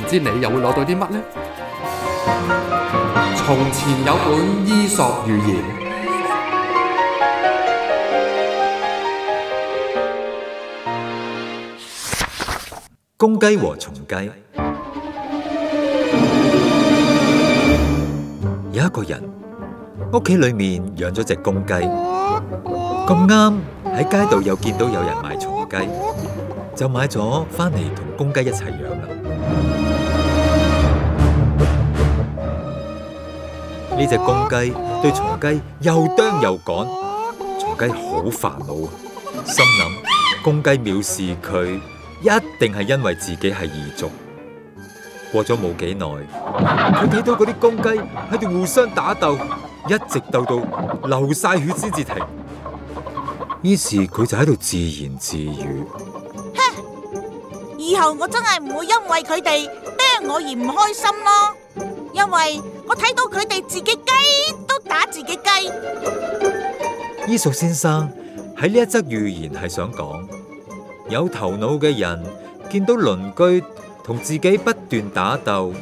唔知你又會攞到啲乜呢？從前有本伊索寓言，公雞和松雞。有一個人屋企裏面養咗隻公雞，咁啱喺街度又見到有人賣松雞，就買咗翻嚟同公雞一齊養啦。呢隻公雞對松雞又啄又趕，松雞好煩惱啊！心諗公雞藐視佢，一定係因為自己係異族。過咗冇幾耐，佢睇到嗰啲公雞喺度互相打鬥，一直鬥到流晒血先至停。於是佢就喺度自言自語：吓，以後我真係唔會因為佢哋啄我而唔開心咯，因為。我睇到佢哋自己雞都打自己雞。伊索先生喺呢一則寓言係想講，有頭腦嘅人見到鄰居同自己不斷打鬥，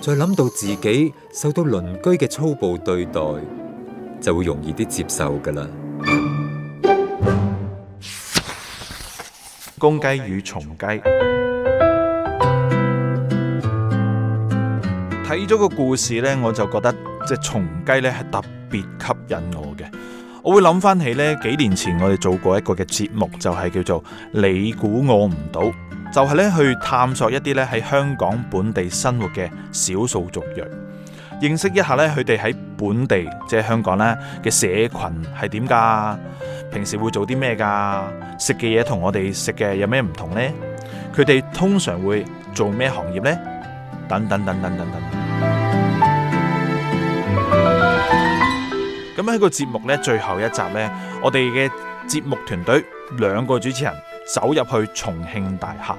再諗到自己受到鄰居嘅粗暴對待，就會容易啲接受噶啦。公雞與松雞。睇咗個故事呢，我就覺得即係松雞咧係特別吸引我嘅。我會諗翻起呢幾年前我哋做過一個嘅節目，就係、是、叫做你估我唔到，就係、是、呢去探索一啲呢喺香港本地生活嘅少數族裔，認識一下呢佢哋喺本地即係、就是、香港呢嘅社群係點噶，平時會做啲咩噶，食嘅嘢，同我哋食嘅有咩唔同呢？佢哋通常會做咩行業呢？等等等等等等。咁喺個節目呢，最後一集呢，我哋嘅節目團隊兩個主持人走入去重慶大廈。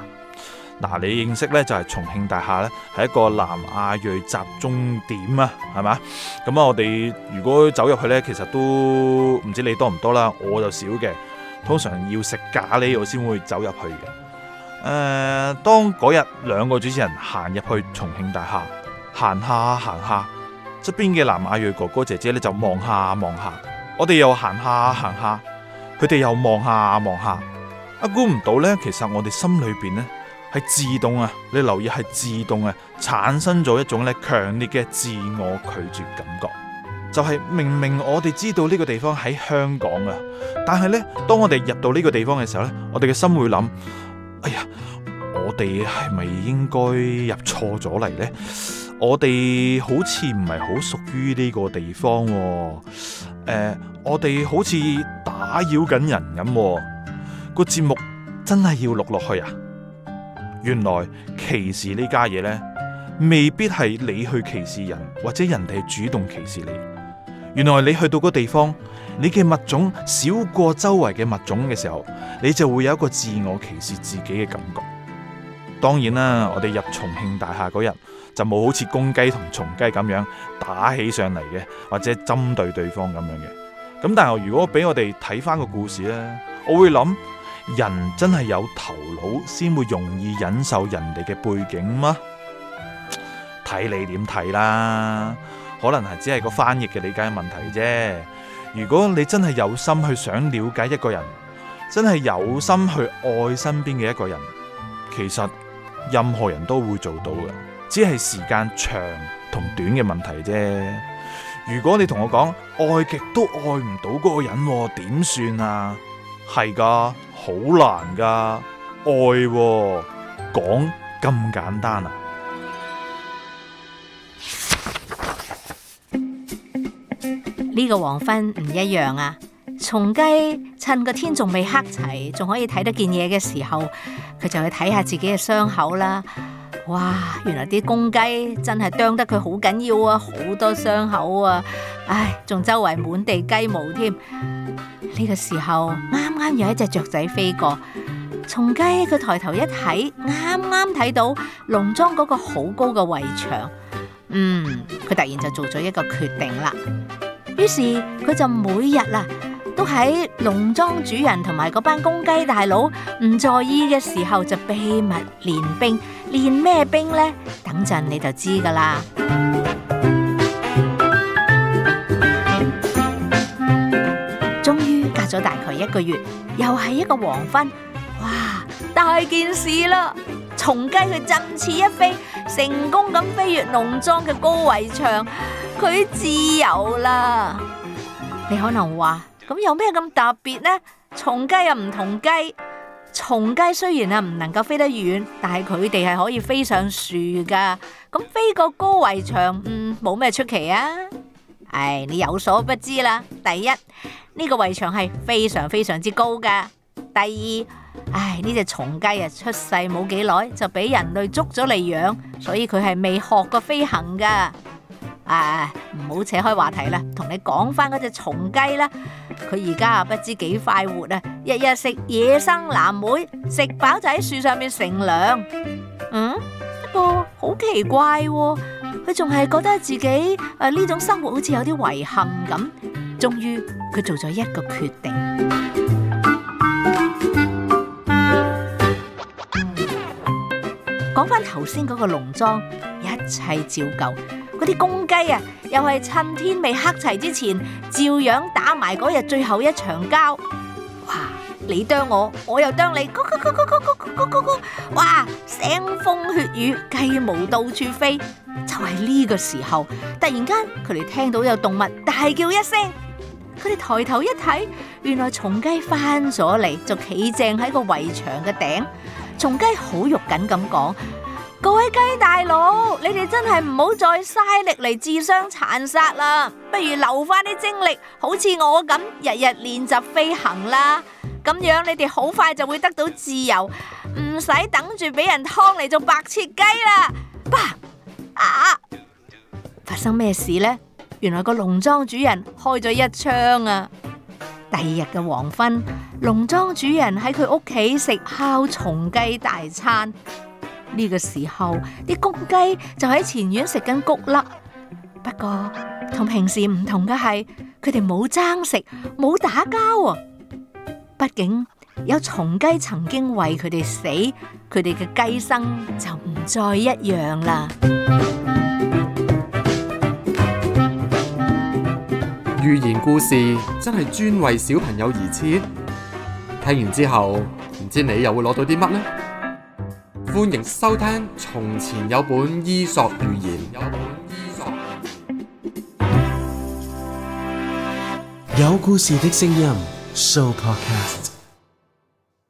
嗱，你認識呢就係重慶大廈呢係一個南亞裔集中點啊，係咪？咁啊，我哋如果走入去呢，其實都唔知你多唔多啦，我就少嘅。通常要食咖喱，我先會走入去嘅。誒、呃，當嗰日兩個主持人行入去重慶大廈，行下行下。側邊嘅南亞裔哥哥姐姐咧就望下望下，我哋又行下行下，佢哋又望下望下。啊，估唔到呢，其實我哋心裏邊呢係自動啊，你留意係自動啊，產生咗一種咧強烈嘅自我拒絕感覺。就係明明我哋知道呢個地方喺香港啊，但係呢，當我哋入到呢個地方嘅時候呢，我哋嘅心會諗：哎呀，我哋係咪應該入錯咗嚟呢？我哋好似唔係好屬於呢個地方喎，呃，我哋好似打擾緊人咁，個節目真係要錄落去啊！原來歧視呢家嘢呢，未必係你去歧視人，或者人哋主動歧視你。原來你去到個地方，你嘅物種少過周圍嘅物種嘅時候，你就會有一個自我歧視自己嘅感覺。當然啦，我哋入重慶大廈嗰日就冇好似公雞同松雞咁樣打起上嚟嘅，或者針對對方咁樣嘅。咁但係如果俾我哋睇翻個故事咧，我會諗人真係有頭腦先會容易忍受人哋嘅背景嗎？睇你點睇啦，可能係只係個翻譯嘅理解問題啫。如果你真係有心去想了解一個人，真係有心去愛身邊嘅一個人，其實。任何人都會做到嘅，只係時間長同短嘅問題啫。如果你同我講愛極都愛唔到嗰個人，點算啊？係噶，好難噶，愛喎，講咁簡單啊？呢個黃昏唔一樣啊！松雞趁個天仲未黑齊，仲可以睇得見嘢嘅時候。佢就去睇下自己嘅傷口啦，哇！原來啲公雞真係啄得佢好緊要啊，好多傷口啊，唉，仲周圍滿地雞毛添。呢、這個時候啱啱有一隻雀仔飛過，松雞佢抬頭一睇，啱啱睇到農莊嗰個好高嘅圍牆，嗯，佢突然就做咗一個決定啦。於是佢就每日啦。都喺農莊主人同埋嗰班公雞大佬唔在意嘅時候，就秘密練兵，練咩兵呢？等陣你就知噶啦。終於隔咗大概一個月，又係一個黃昏，哇！大件事啦！松雞去振翅一飛，成功咁飛越農莊嘅高圍牆，佢自由啦！你可能話？咁有咩咁特別呢？松雞又唔同雞，松雞雖然啊唔能夠飛得遠，但係佢哋係可以飛上樹噶。咁飛過高圍牆，嗯，冇咩出奇啊！唉，你有所不知啦。第一，呢個圍牆係非常非常之高噶。第二，唉，呢隻松雞啊出世冇幾耐就俾人類捉咗嚟養，所以佢係未學過飛行噶。誒，唔好、啊、扯開話題啦，同你講翻嗰隻松雞啦，佢而家啊不知幾快活啊，日日食野生藍莓，食飽就，喺樹上面乘涼。嗯，不過好奇怪，佢仲係覺得自己誒呢、啊、種生活好似有啲遺憾咁。終於佢做咗一個決定。講翻頭先嗰個農莊，一切照舊。嗰啲公雞啊，又係趁天未黑齊之前，照樣打埋嗰日最後一場交。哇！你啄我，我又啄你，咕咕咕咕咕咕咕咕咕！哇！腥風血雨，雞毛到處飛。就係呢個時候，突然間佢哋聽到有動物大叫一聲，佢哋抬頭一睇，原來松雞翻咗嚟，就企正喺個圍牆嘅頂。松雞好肉緊咁講。各位雞大佬，你哋真係唔好再嘥力嚟，自相殘殺啦，不如留返啲精力，好似我咁日日練習飛行啦。咁樣你哋好快就會得到自由，唔使等住俾人劏嚟做白切雞啦。啊！啊！發生咩事呢？原來個農莊主人開咗一槍啊！第二日嘅黃昏，農莊主人喺佢屋企食烤松雞大餐。呢個時候，啲公雞就喺前院食緊谷粒。不過同平時唔同嘅係，佢哋冇爭食，冇打交啊！畢竟有松雞曾經為佢哋死，佢哋嘅雞生就唔再一樣啦。寓言故事真係專為小朋友而設，聽完之後，唔知你又會攞到啲乜呢？歡迎收聽《從前有本伊索寓言，有本伊索寓言》，有故事的聲音 Sooo Podcast。